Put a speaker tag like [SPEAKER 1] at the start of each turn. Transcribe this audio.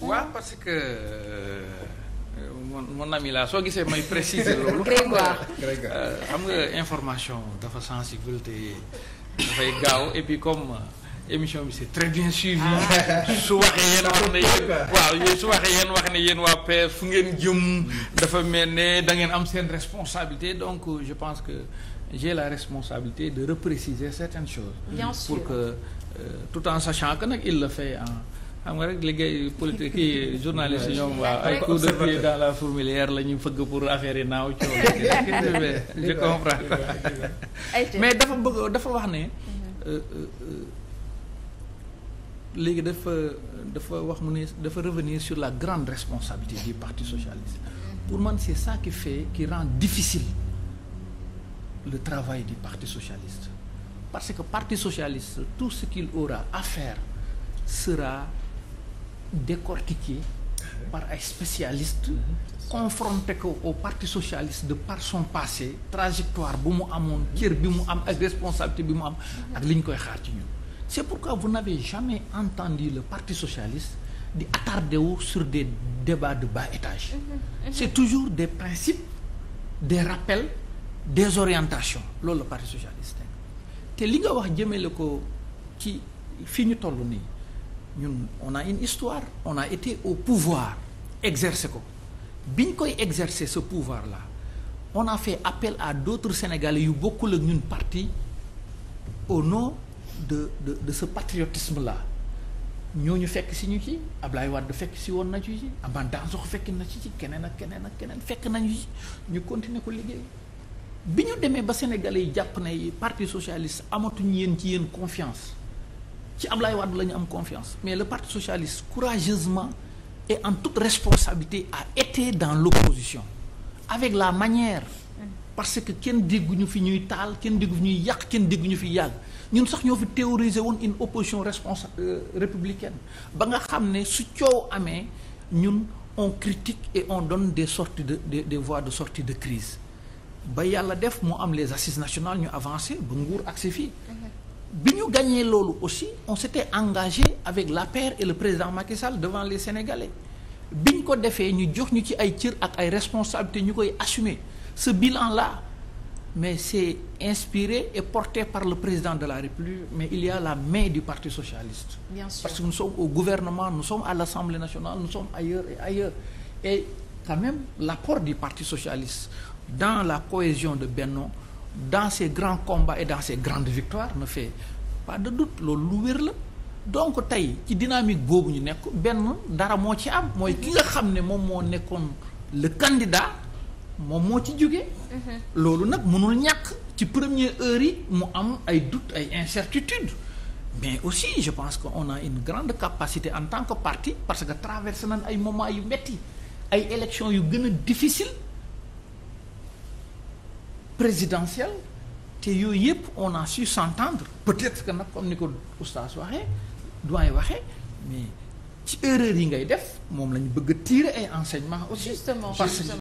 [SPEAKER 1] waaw parce que euh, mon mon ami là soo gisee may préciser loolu. am euh, xam nga information dafa sensible te dafay gaaw et puis comme. Euh, émission bi c'est très bien suivi ah. su waxee yéen wax ne yéen waaw su waxee yéen wax ne yéen waa PS fu ngeen jëm dafa mel ne da ngeen am seen responsabilité donc je pense que j'ai la responsabilité de repréciser certaines choses bien sûr pour que euh, tout en sachant que nag il le fait en xam nga rek liggéey politique kii journaliste ñoom waaw ay coup de dans la fourmilière la ñuy fëgg pour affaire naaw coow mais dafa bëgg dafa wax ne mhm. euh, euh, euh, léegi dafa dafa wax mu ne dafa revenir sur la grande responsabilité du parti socialiste mhm. pour man c'est ça qui fait qui rend difficile le travail du parti socialiste parce que parti socialiste tout ce qu'il aura à faire sera décortiqué par ay spécialiste mhm. confronté ko au parti socialiste de par son passé trajectoire bu mu amoon cër bi mu am ak responsabilité bi mu am ak li ñu koy xaar ci ñun c'est pourquoi vous n'avez jamais entendu le parti socialiste di attardé wu sur des débats de bas étage mhm. Mhm. c'est toujours des principes des rappels des orientations loolu la parti socialiste te li nga wax la ko ci fi ñu toll nii ñun on a une histoire on a été au pouvoir exercer ko bi ñu koy exercer ce pouvoir la on a fait appel à d'autres Sénégalais yu bokkul ak ñun parti au nom de de de ce patriotisme ñoo ñu fekk si ñu ci Ablaye Wade fekk si woon na ci ci Amban Dansox fekk na ci ci keneen ak keneen ak keneen fekk nañu ci ñu continuer ko liggéey bi ñu demee ba Sénégalais yi jàpp ne parti socialiste amatuñ yéen ci yéen confiance. ci Ablaye Wade la ñu am confiance mais le parti socialiste courageusement et en toute responsabilité a été dans l'opposition avec la manière parce que kenn dégguñu fi ñuy taal kenn déggu fi ñuy yàq kenn dégguñu fi yàgg ñun sax ñoo fi théoriser woon une opposition responsable euh, républicaine ba nga xam ne su coow amee ñun on critique et on donne des sorties de des, des voies de sortie de crise ba yàlla def moo am les assises nationales ñu avancer ba nguur agsi bi ñu gagné loolu aussi on s'était engagé avec l'APR et le président Macky Sall devant les Sénégalais bi ñu ko defee ñu jox ñu ci ay cire ak ay responsabilités ñu koy assumer ce bilan la mais c'est inspiré et porté par le président de la République mais il y a la main du Parti socialiste. Bien parce que nous sommes au gouvernement nous sommes à l'Assemblée nationale nous sommes ailleurs et ailleurs et quand même l'apport du Parti socialiste dans la cohésion de Benno dans ces grands combats et dans ces grandes victoires ne fait pas de doute loolu lu wér la donc tey ci dynamique boobu ñu nekk benn dara moo ci am mooy kii nga xam ne moom moo nekkoon le candidat moom moo ci jóge mhm. loolu nag mënul ñàkk ci première heure yi mu am ay doute ay incertitude mais aussi je pense que on a une grande capacité en tant que parti parce que traversé nañ ay moments yu metti ay élections yu gën a difficile présidentielle te yooyu yëpp on a su s'entendre peut-être que nag comme ni ko oustaz waxee doyen waxee mais ci erreur yi ngay def moom la ñu bëgg a tirer ay enseignements aussi. Justement, parce que